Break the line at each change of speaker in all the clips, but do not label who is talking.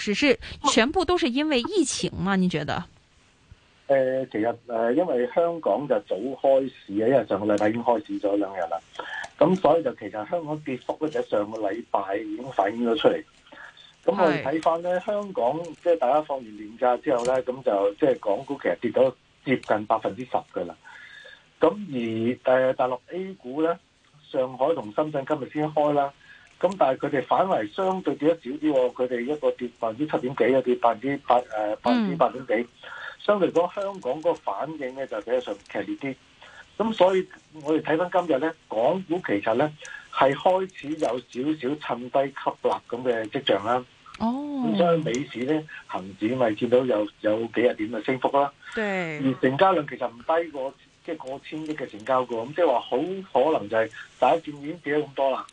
只是，是全部都是因為疫情嗎？你覺得？
誒、呃，其實誒、呃，因為香港就早開市，啊，因為上個禮拜已經開市咗兩日啦，咁所以就其實香港跌幅就係上個禮拜已經反映咗出嚟。
咁我哋睇
翻咧，香港即係、就是、大家放完年假之後咧，咁就即係、就是、港股其實跌到接近百分之十噶啦。咁而誒，大陸 A 股咧，上海同深圳今日先開啦。咁但係佢哋反而相對跌得少啲，佢哋一個跌百分之七點幾，又跌百分之八誒百分之八點幾，mm. 相對講香港個反應咧就比較上劇烈啲。咁所以我哋睇翻今日咧，港股其實咧係開始有少少趁低吸納咁嘅跡象啦。
哦，咁所以
美市咧恆指咪見到有有幾日點嘅升幅啦。
對，而成
交量其實唔低過即係、就是、過千億嘅成交㗎，咁即係話好可能就係、是、大家見面跌咗咁多啦。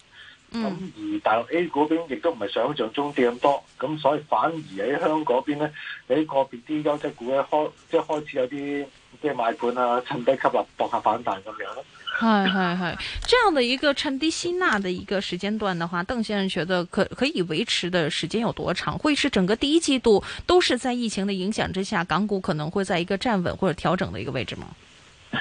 咁、嗯、而大陸 A 股嗰邊亦都唔係想象中跌咁多，咁所以反而喺香港邊呢，喺個別啲優質股一開即係開始有啲即係買盤啊，趁低吸入搏下反彈咁
樣咯。係係係，這樣的一個趁低吸納的一個時間段的話，鄧先生覺得可可以維持的時間有多長？會是整個第一季度都是在疫情的影響之下，港股可能會在一個站穩或者調整的一個位置嗎？誒、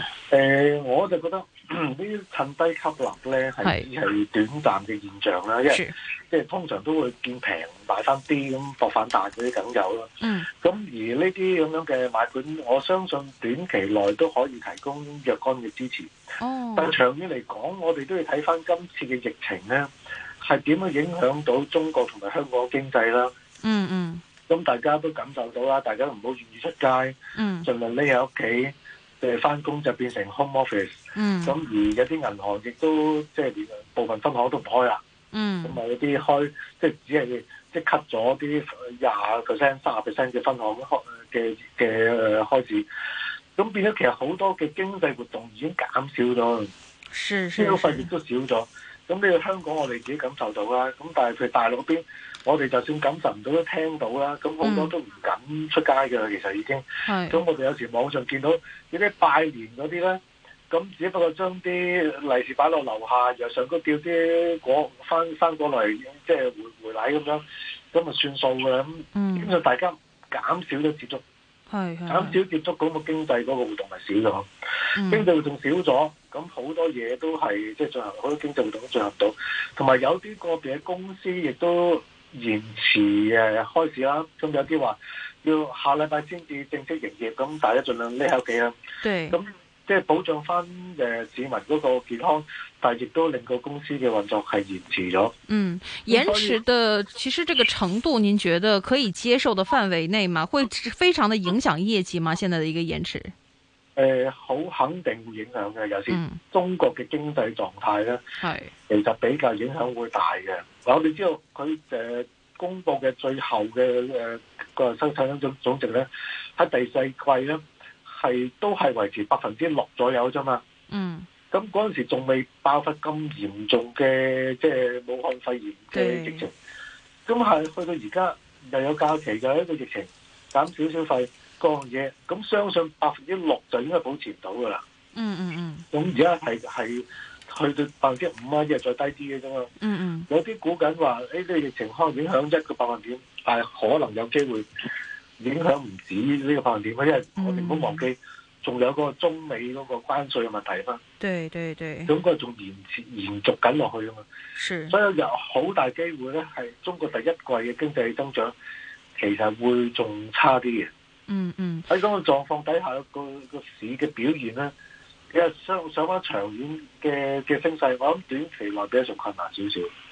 呃，我就覺得。嗯、呢啲趁低吸納咧，係係短暫嘅現象啦，因為即係通常都會見平，買翻啲咁博反大嗰啲梗有啦。咁、嗯、而呢啲咁樣嘅買盤，我相信短期內都可以提供若干嘅支持。哦、但長遠嚟講，我哋都要睇翻今次嘅疫情咧，係點樣影響到中國同埋香港嘅經濟啦。嗯嗯，咁大家都感受到啦，大家唔好願意出街，盡、嗯、量匿喺屋企。即翻工就變成 home office，咁、嗯、而有啲銀行亦都即係、就是、連部分分行都唔開啦，同、嗯、埋有啲開即係、就是、只係即係吸咗啲廿 percent、卅 percent 嘅分行開嘅嘅開始，咁變咗其實好多嘅經濟活動已經減少咗，消費亦都少咗。咁呢個香港我哋自己感受到啦，咁但係佢大陸邊。我哋就算感受唔到都聽到啦，咁好多都唔敢出街㗎喇，嗯，其實已經。咁我哋有時網上見到有啲拜年嗰啲咧，咁只不過將啲利是擺落樓下，由上高吊啲果翻翻過嚟，即係回回、就是、回回禮咁樣，咁啊算數啦
咁。
就大家減少咗接觸，
減少
接觸咁嘅、那個、經濟嗰個活動咪少咗，嗯，經濟活動少咗，咁好多嘢都係即係進行好多經濟活動都進行到，同埋有啲個別嘅公司亦都。延遲誒開始啦，咁有啲話要下禮拜先至正式營業，咁大家盡量匿喺屋企啦。對，咁即係保障翻誒市民嗰個健康，但係亦都令到公司嘅運作係延遲咗。嗯，
延遲的其實這個程度，嗯，您覺得可以接受的範圍內嘛？會非常的影響業績嗎？現在的一個延遲？
誒，呃，好肯定會影響嘅，有時中國嘅經濟狀態咧，係，嗯、其實比較影響會大嘅。我哋知道佢誒公佈嘅最後嘅誒個生產總總值咧，喺第四季咧係都係維持百分之六左右啫嘛。嗯。咁嗰陣時仲未爆發咁嚴重嘅即係武漢肺炎嘅疫情，咁係去到而家又有假期嘅一個疫情，減少少消費各樣嘢，咁相信百分之六就應該保持唔到噶啦。嗯嗯嗯。咁而家係係。去到百分之五啊，一係再低啲嘅啫嘛。嗯、mm、嗯 -hmm.，有啲估緊話，誒，呢個疫情可能影響一個百分點，但係可能有機會影響唔止呢個百分點，因為我哋唔好忘記，仲有一個中美嗰個關稅嘅問題啦。
對對對，咁
個仲延延續緊落去啊嘛。是。所以有好大機會咧，係中國第一季嘅經濟增長其實會仲差啲嘅。嗯嗯。喺咁嘅狀況底下，個、那個市嘅表現咧。因為想想翻長遠嘅嘅升勢，我諗短期內比較仲困難少少。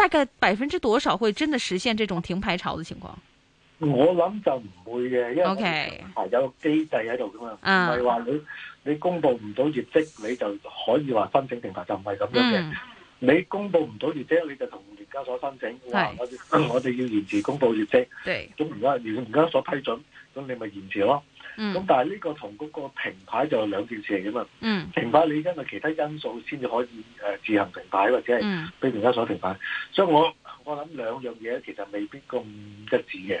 大概百分之多少會真的實現這種停牌潮的情況？
我諗就唔會嘅，因為有個機制喺度噶嘛。唔係話你你公布唔到業績，你就可以話申請停牌，就唔係咁樣嘅，嗯。你公布唔到業績，你就同聯交所申請，話我我哋要延遲公布業績。對，咁而家聯交所批准，咁你咪延遲咯。咁、嗯、但係呢個同嗰個停牌就有兩件事嚟㗎嘛。嗯，停牌你因為其他因素先至可以誒自行停牌或者係被人家所停牌，所以我我諗兩樣嘢其實未必咁一致嘅。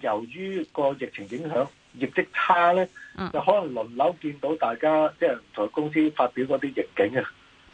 由於個疫情影響業績差咧，就可能輪流見到大家，即係同公司發表嗰啲逆境啊。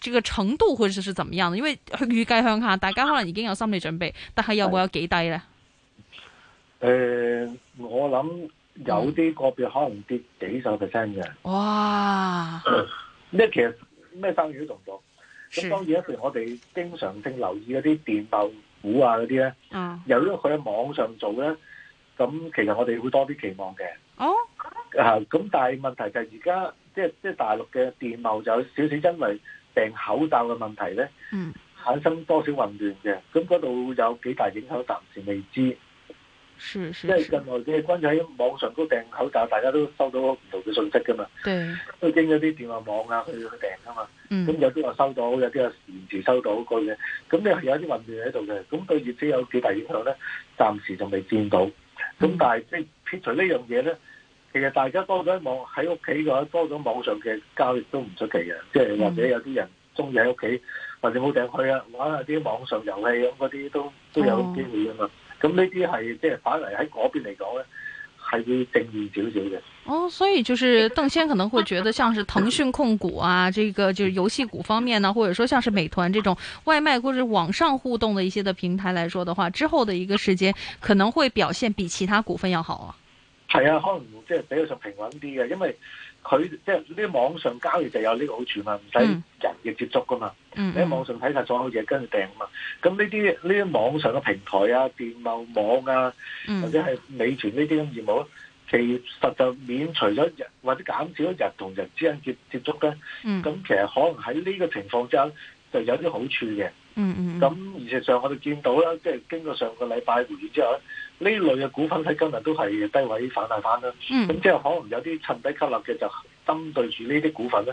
這個程度會是怎麼樣？因為佢預計向下，大家可能已經有心理準備，但係又會有幾低咧？
誒、呃，我諗有啲個別可能跌幾十 percent 嘅。哇！咩 其實咩生意都做唔到。咁當然，譬如我哋經常性留意嗰啲電貿股啊嗰啲咧，由於佢喺網上做咧，咁其實我哋會多啲期望嘅。哦，啊，咁但係問題就係而家即係即係大陸嘅電貿就有少少因為。訂口罩嘅問題咧，
產
生多少混亂嘅，咁嗰度有幾大影響暫時未知。是是是因為近來嘅人均喺網上都訂口罩，大家都收到唔同嘅信息噶嘛，都經咗啲電話網啊去去訂噶嘛。咁有啲話收,、嗯、收到，有啲話延遲收到嗰嘢，咁你係有啲混亂喺度嘅。咁對業者有幾大影響咧？暫時仲未見到。咁但係即係撇除呢樣嘢咧。其實大家多咗網喺屋企嘅話，多咗網上嘅交易都唔出奇嘅，即係或者有啲人中意喺屋企，或者冇埞去啊玩下啲網上遊戲咁嗰啲都都有機會噶嘛。咁呢啲係即係反嚟喺嗰邊嚟講咧，係要正面少少
嘅。哦，所以就是鄧生可能會覺得，像是騰訊控股啊，呢、這個就是遊戲股方面呢、啊，或者說像是美團這種外賣或者網上互動的一些的平台來說的話，之後的一個時間可能會表現比其他股份要好啊。
係啊，可能即係比較上平穩啲嘅，因為佢即係呢啲網上交易就有呢個好處嘛，唔使人嘅接觸噶嘛。你喺網上睇晒所有嘢，跟住訂啊嘛。咁呢啲呢啲網上嘅平台啊，電貿網啊，或者係美團呢啲咁業務，其實就免除咗人或者減少咗人同人之間接接觸咧。咁其實可能喺呢個情況之下就有啲好處嘅。咁事實上我哋見到啦，即係經過上個禮拜會議之後咧。呢類嘅股份喺今日都係低位反彈翻啦，咁即係可能有啲趁低吸納嘅就針對住呢啲股份呢，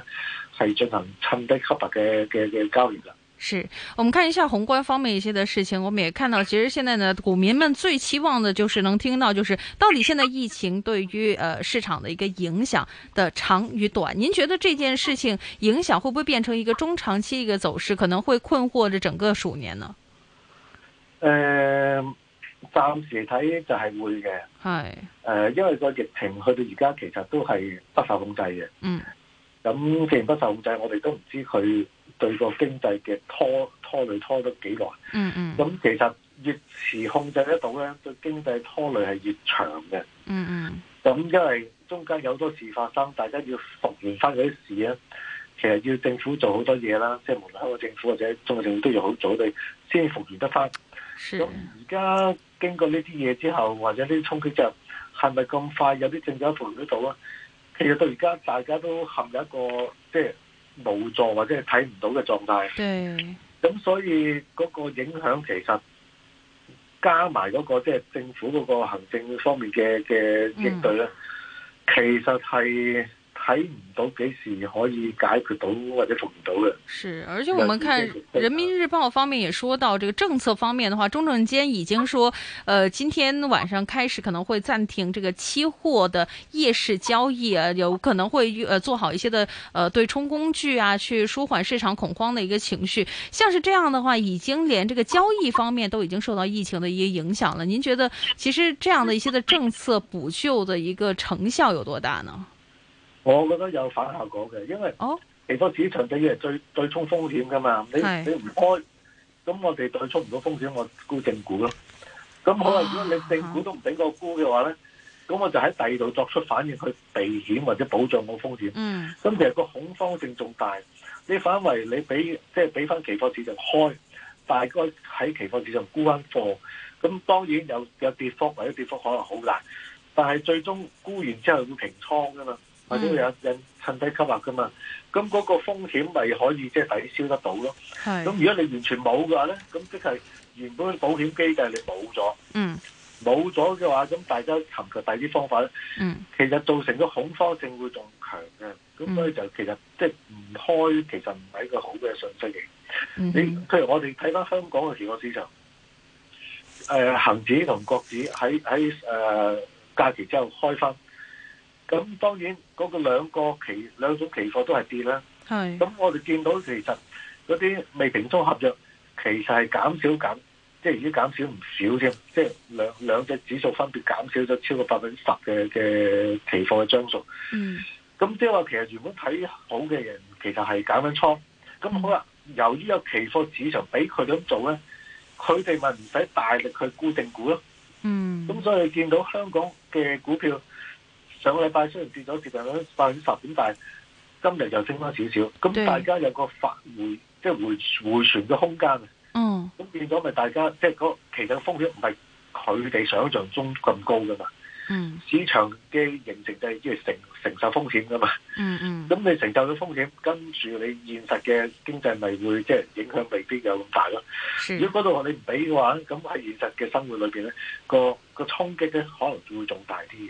係進行趁低吸納嘅嘅嘅交易啦。是，
我們看一下宏觀方面一些的事情，我們也看到，其實現在呢，股民們最期望的，就是能聽到，就是到底現在疫情對於、呃、市場的一個影響的長與短，您覺得這件事情影響會不會變成一個中長期一個走勢，可能會困惑着整個鼠年呢？呃
暫時睇就係會嘅，係，誒、呃，因為個疫情去到而家，其實都係不受控制嘅。嗯，咁既然不受控制，我哋都唔知佢對個經濟嘅拖拖累拖得幾耐。嗯嗯，咁其實越遲控制得到咧，對經濟拖累係越長嘅。嗯嗯，咁因為中間有好多事發生，大家要復原翻嗰啲事咧，其實要政府做好多嘢啦，即係無論香港政府或者中國政府都要好早你先復原得翻。咁而家經過呢啲嘢之後，或者呢啲衝擊之後係咪咁快有啲政策浮現得到啊？其實到而家大家都陷入一個即係無助或者係睇唔到嘅狀態。咁所以嗰個影響其實加埋嗰、那個即係、就是、政府嗰個行政方面嘅嘅應對咧、嗯，其實係。睇唔到幾時可以解決到或者復唔到。
是，而且我們看《人民日報》方面也說到，這個政策方面的話，中證監已經說，呃，今天晚上開始可能會暫停這個期貨的夜市交易，啊，有可能會呃做好一些的呃對沖工具啊，去舒緩市場恐慌的一個情緒。像是這樣的話，已經連這個交易方面都已經受到疫情的一些影響了。您覺得其實這樣的一些的政策補救的一個成效有多大呢？
我覺得有反效果嘅，因為期貨市場啲嘢最、哦、最沖風險噶嘛，你你唔開，咁我哋對沖唔到風險，我沽正股咯。咁可能如果你正股都唔俾個沽嘅話咧，咁我就喺第二度作出反應去避險或者保障冇風險。咁、嗯、其實個恐慌性仲大，你反為你俾即係俾翻期貨市場開，大概喺期貨市場沽翻貨，咁當然有有跌幅或者跌幅可能好難，但係最終沽完之後會平倉噶嘛。或者有有趁低吸納噶嘛，咁嗰個風險咪可以即係抵消得到咯。咁如果你完全冇嘅話咧，咁即係原本保險機制你冇咗，冇咗嘅話，咁大家尋求第二啲方法咧，其實造成咗恐慌性會仲強嘅。咁所以就其實即係唔開，其實唔係一個好嘅信息嚟。
你譬
如我哋睇翻香港嘅期貨市場，誒恆指同國指，喺喺誒假期之後開翻。咁當然嗰個兩個期兩種期貨都係跌啦。係。咁我哋見到其實嗰啲未平倉合約其實係減少減，即係已經減少唔少添。即係兩兩隻指數分別減少咗超過百分之十嘅嘅期貨嘅張數。嗯。咁即係話其實原本睇好嘅人其實係減緊倉。咁好啦，由於有期貨市場俾佢咁做咧，佢哋咪唔使大力去固定股咯。嗯。咁所以見到香港嘅股票，上個禮拜雖然跌咗接近百分之十點，但係今日就升翻少少，咁大家有個反回，即係回回旋嘅空間啊。嗯，咁變咗咪大家即係嗰其實風險唔係佢哋想象中咁高噶嘛。嗯，市場嘅形成就係要承承受風險噶嘛。嗯嗯，咁你承受咗風險，跟住你現實嘅經濟咪會即係影響未必有咁大咯，嗯。如果嗰度你唔俾嘅話，咁喺現實嘅生活裏邊咧，嗰個、嗰個衝擊咧可能會仲大啲嘅。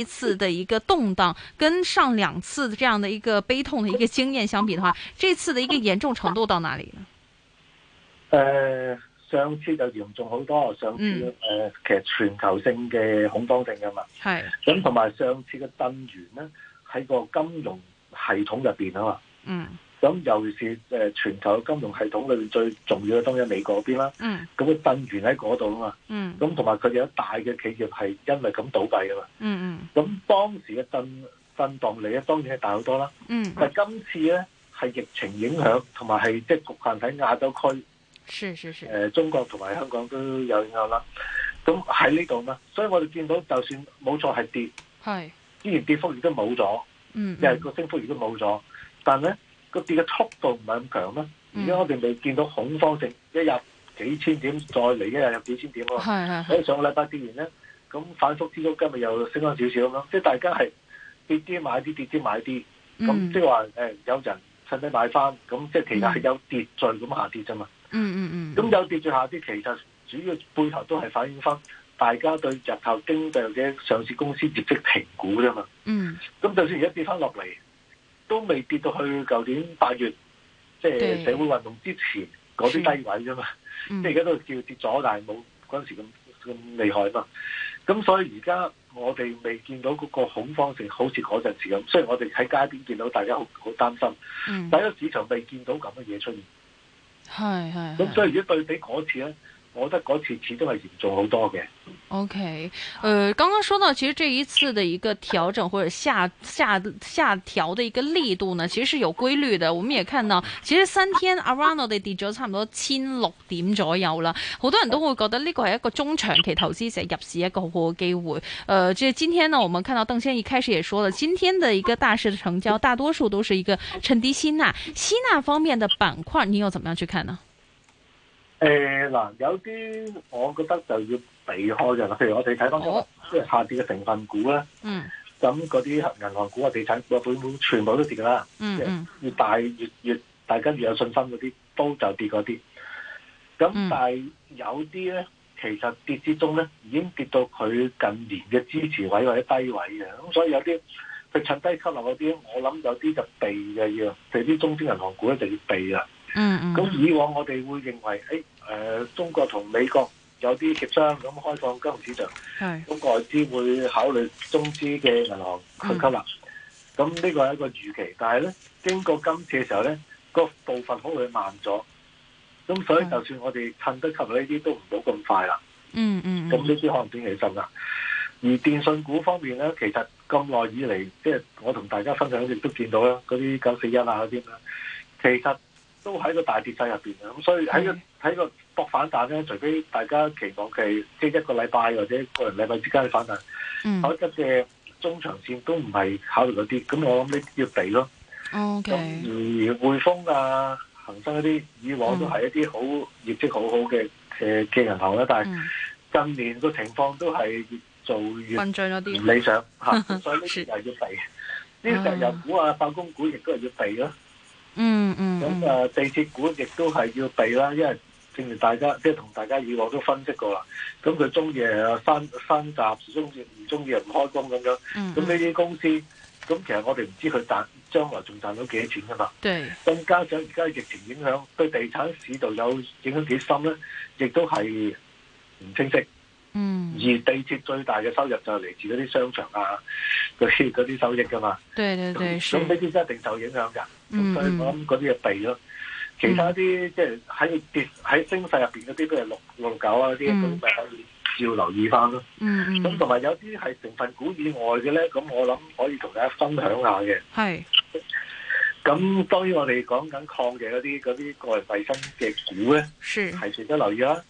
次的一個動蕩，跟上兩次的這樣的一個悲痛的一個經驗相比的話，這次的一個嚴重程度到哪裏呢？
呃，上次就嚴重好多，上次、嗯呃、其實全球性嘅恐慌性嘅嘛，
係，咁
同埋上次嘅震源呢，喺個金融系統入邊啊嘛，嗯。咁尤其是誒全球金融系統裏邊最重要嘅，當然美國嗰邊啦，咁佢震源喺嗰度啊嘛，咁同埋佢有，有一大嘅企業係因為咁倒閉噶嘛，咁、嗯嗯、當時嘅震震盪嚟咧當然係大好多啦，嗯、但係今次咧係疫情影響，同埋係即係局限喺亞洲區，誒、呃、中國同埋香港都有影響啦。咁喺呢度嘛，所以我哋見到就算冇錯係跌，依然跌幅亦都冇咗，又、嗯、個、即係、升幅亦都冇咗，但咧。個跌嘅速度唔係咁強咩？而、嗯、家我哋未見到恐慌性一日幾千點，再嚟一日有幾千點喎。喺上個禮拜跌完咧，咁反覆之中今日又升翻少少咁，即係大家係跌啲買啲，跌啲買啲，咁、嗯、即係話誒有人趁低買翻，咁即係其實係有、嗯嗯嗯、有秩序咁下跌啫嘛。嗯嗯嗯。咁有秩序下跌，其實主要背後都係反映翻大家對日後經濟或者上市公司業績評估啫嘛。嗯。咁就算而家跌翻落嚟。都未跌到去舊年八月，即係社會運動之前嗰啲低位啫嘛。即係而家都叫跌咗，但係冇嗰陣時咁咁厲害嘛。咁所以而家我哋未見到嗰個恐慌性，好似嗰陣時咁。雖然我哋喺街邊見到大家好好擔心，但係個市場未見到咁嘅嘢出現。係係。咁所以如果對比嗰次咧。
我覺得嗰次始終係嚴重好多嘅。OK，呃剛剛說到，其實這一次的一個調整或者下下下調的一個力度呢，其實是有規律的。我們也看到，其實三天 A 股我哋跌咗差唔多千六點左右啦。好多人都會覺得呢個係一個中長期投資者入市一個好機會。呃即係今天呢，我們看到鄧先生一開始也說了，今天的一個大市成交大多數都是一個趁低吸納，吸納方面的板塊，你又怎麼樣去看呢？
誒、欸、嗱，有啲我覺得就要避開㗎啦，譬如我哋睇翻即係下跌嘅成分股咧，咁嗰啲銀行股啊、地產股啊、保險股全部都跌㗎啦、嗯嗯，越大越越大家越有信心嗰啲都就跌嗰啲，咁、嗯、但係有啲咧，其實跌之中咧已經跌到佢近年嘅支持位或者低位嘅，咁所以有啲佢趁低吸納嗰啲，我諗有啲就避嘅要，即係啲中資銀行股咧就要避啦，
咁、嗯嗯、以
往我哋會認為誒。欸誒、呃，中國同美國有啲協商，咁開放金融市場，咁外資會考慮中資嘅銀行去吸納。咁、嗯、呢個係一個預期，但係咧經過今次嘅時候咧，個部分可能會慢咗。咁所以就算我哋趁得及呢啲，都唔好咁快啦。嗯嗯，嗯。咁所以可能點起心啦。而電信股方面咧，其實咁耐以嚟，即、就、係、是、我同大家分享一，亦都見到啦，嗰啲九四一啊嗰啲啊，其實。都喺個大跌勢入邊啊，咁所以喺個喺個搏反彈咧，除非大家期望期，即係一個禮拜或者個人禮拜之間嘅反彈，否則嘅中長線都唔係考慮嗰啲。咁、嗯、我諗呢啲要避咯。
O、
okay, 而匯豐啊、恒生嗰啲以往都係一啲好業績好好嘅嘅嘅銀行啦，但係近年個情況都係越做越唔理想吓、 啊，所以呢啲又要避。
啲石油
股啊、化工股亦都係要避咯。嗯嗯，咁、嗯、啊，地鐵股亦都係要避啦，因為正如大家即係同大家以往都分析過啦。咁佢中意啊，山新集始終中唔中意唔開工咁樣，咁呢啲公司，咁其實我哋唔知佢賺將來仲賺到幾多錢噶嘛。對，更加上而家疫情影響對地產市道有影響幾深咧，亦都係唔清晰。嗯，而地鐵最大嘅收入就係嚟自嗰啲商場啊，嗰啲嗰啲收益噶嘛。對對對，咁呢啲一定受影響噶。嗯、所以我諗嗰啲係避咯，其他啲即係喺跌喺升勢入邊嗰啲，譬、嗯就是、如六六九啊嗰啲、嗯，都咪要留意翻咯。
咁同
埋有啲係成份股以外嘅咧，咁我諗可以同大家分享下嘅。係，咁當然我哋講緊抗疫嗰啲嗰啲個人衛生嘅股咧，係值得留意啦。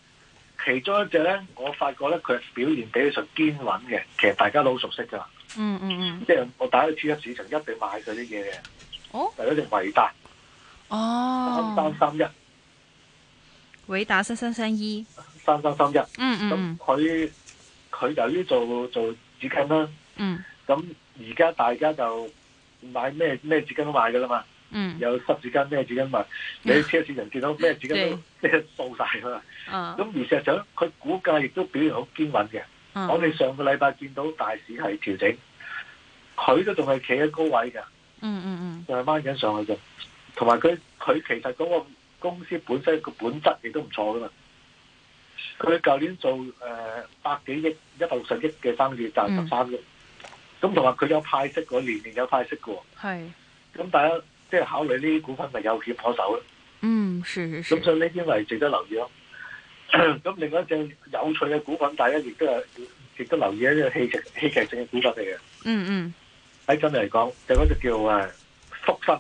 其中一隻咧，我發覺咧佢表現比較上堅穩嘅，其實大家都好熟悉噶。嗯嗯嗯，即、就、係、是、我打去 G 一市場一定買佢啲嘢嘅。第一定維達，哦，
三三三一，偉達三三三一，
三三三一，嗯嗯，咁佢佢由於做做紙巾啦，嗯，咁而家大家就買咩咩紙巾都買噶啦嘛，嗯，有濕紙巾咩紙巾嘛、嗯。你喺車市就見到咩紙巾都咩掃晒啦，咁而、啊、實上佢股價亦都表現好堅穩嘅，我哋上個禮拜見到大市係調整，佢都仲係企喺高位嘅。嗯嗯嗯就，就係掹緊上去就同埋佢佢其實嗰個公司本身個本質亦都唔錯噶嘛。佢舊年做誒、呃、百幾億一百六十億嘅生意賺十三億，咁同埋佢有派息，嗰年年有派息嘅。
係，
咁大家即係考慮呢啲股份咪有險可守？咧。嗯，咁所以呢啲咪值得留意咯。咁 另外一隻有趣嘅股份，大家亦都係亦都留意一啲戲劇戲劇性嘅股份嚟嘅。嗯嗯。喺今日嚟講就嗰隻叫誒、復生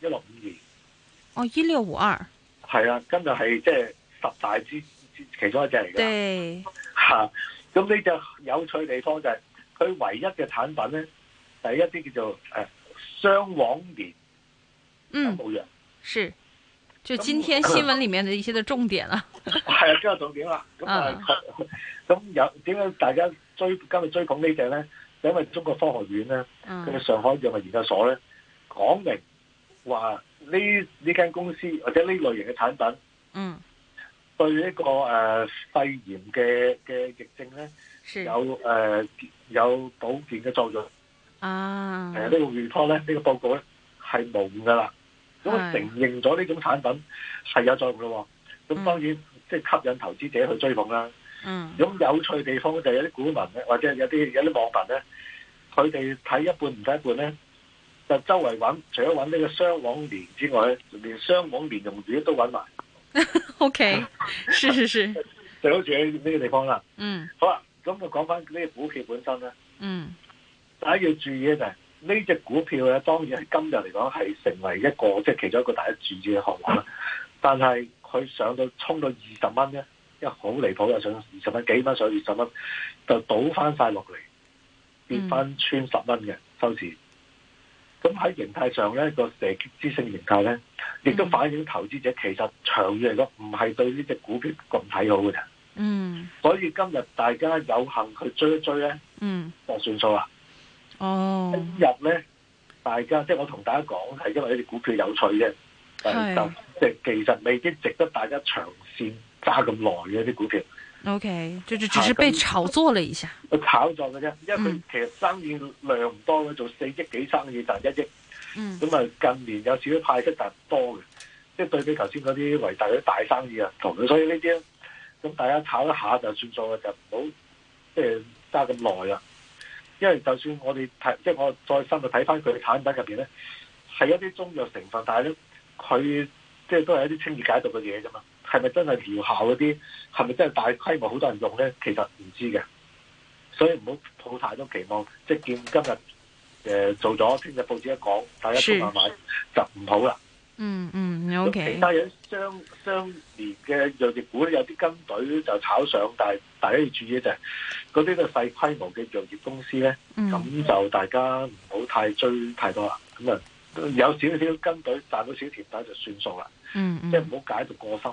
一六五二。哦，一六五二係啊，今日係即係十大之其中一隻嚟嘅對吓。咁呢隻有趣地方就係佢唯一嘅產品咧，係一啲叫做誒、雙往年嗯，冇錯，是就今天新聞
裏面嘅一些的重點啊。
係 啊、 嗯、今日重點啦。咁啊，咁有點解大家追今日追捧呢隻咧？因為中國科學院咧，
佢嘅上
海藥物研究所咧，講、嗯、明話呢呢間公司或者呢類型嘅產品，嗯，對呢、這個誒、呃、肺炎嘅嘅疫症咧，有誒、呃、有保健嘅作用啊。誒、
呃這個、呢
個 report 咧，呢、這個報告咧係蒙噶啦，
咁、呃、承
認咗呢種產品係有作用咯。咁當然、嗯、即係吸引投資者去追捧啦。嗯，咁有趣地方就係有啲股民咧，或者有啲有啲網民咧，佢哋睇一半唔睇一半咧，就周圍揾，除咗揾呢個雙網年之外咧，連雙網年用字都揾埋。
o、okay,
K，是是是，就好似喺呢個地方啦。嗯，好啦，咁就講翻呢個股票本身咧。嗯，大家要注意咧就係呢隻股票咧，當然係今日嚟講係成為一個即係、就是、其中一個大家注意嘅項目啦。 但係佢上到衝到二十蚊咧。一好離譜，呀，上二十蚊，幾蚊上二十蚊，就倒翻晒落嚟，跌翻穿十蚊嘅收市。咁、嗯、喺形態上咧，那個射擊之星形態咧，亦都反映投資者其實長遠嚟講，唔係對呢隻股票咁睇好嘅。嗯，所以今日大家有幸去追一追咧，嗯，就算數啦。哦，
今
日咧，大家即係我同大家講，係因為呢隻股票有趣啫，就即係其實未必值得大家長線揸咁耐嘅啲股票
，OK，就只是被炒作了一下，
炒作嘅啫，因為佢其實生意量唔多嘅、嗯，做四億幾生意賺一億，咁啊，嗯、近年有少少派息，但係多嘅，即係對比頭先嗰啲維達嗰啲大生意啊，同，所以呢啲咁大家炒一下就算數，就唔好即係揸咁耐啊，因為就算我哋睇，即、就、係、是、我再深入睇翻佢嘅產品入邊咧，係一啲中藥成分，但係咧佢即係都係一啲清熱解毒嘅嘢啫嘛。係咪真係療效嗰啲？係咪真係大規模好多人用咧？其實唔知嘅，所以唔好抱太多期望。即係見今日誒做咗，聽日報紙一講，大家就買買就唔好啦、嗯。嗯嗯其他有相
相
連嘅藥業股咧，有啲跟隊就炒上，但係大家要注意嘅就係嗰啲都細規模嘅藥業公司
咧、嗯，咁就
大家唔好太追太多啦。咁啊有少少跟隊賺到少少甜頭就算數啦、嗯。即係唔好解讀過深。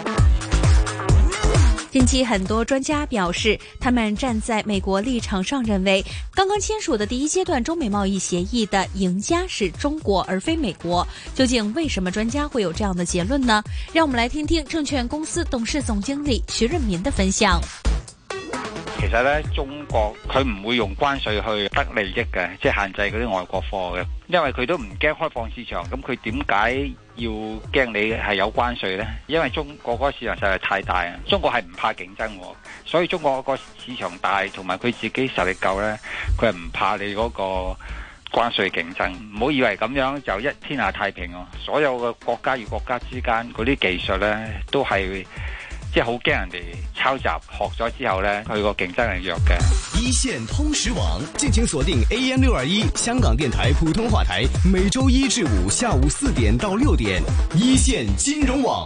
近期很多專家表示，他們站在美國立場上認為，剛剛簽署的第一階段中美貿易協議的贏家是中國而非美國。究竟為什麼專家會有這樣的結論呢？讓我們來聽聽證券公司董事總經理徐潤民的分享。
其實呢，中國佢唔會用關稅去得利益嘅，即係限制嗰啲外國貨嘅，因為佢都唔驚開放市場，咁佢點解？要驚你係有關稅呢？因為中國嗰個市場實在太大啊！中國係唔怕競爭，所以中國嗰個市場大同埋佢自己實力夠呢，佢係唔怕你嗰個關稅競爭。唔好以為咁樣就一天下太平哦！所有嘅國家與國家之間嗰啲技術呢，都係。即係好驚人哋抄襲，學咗之後呢，佢個競爭係弱嘅。一線通識網，敬請鎖定 AM 六二一香港電台普通話台，每周一至五下午四點到六點。一線金融網。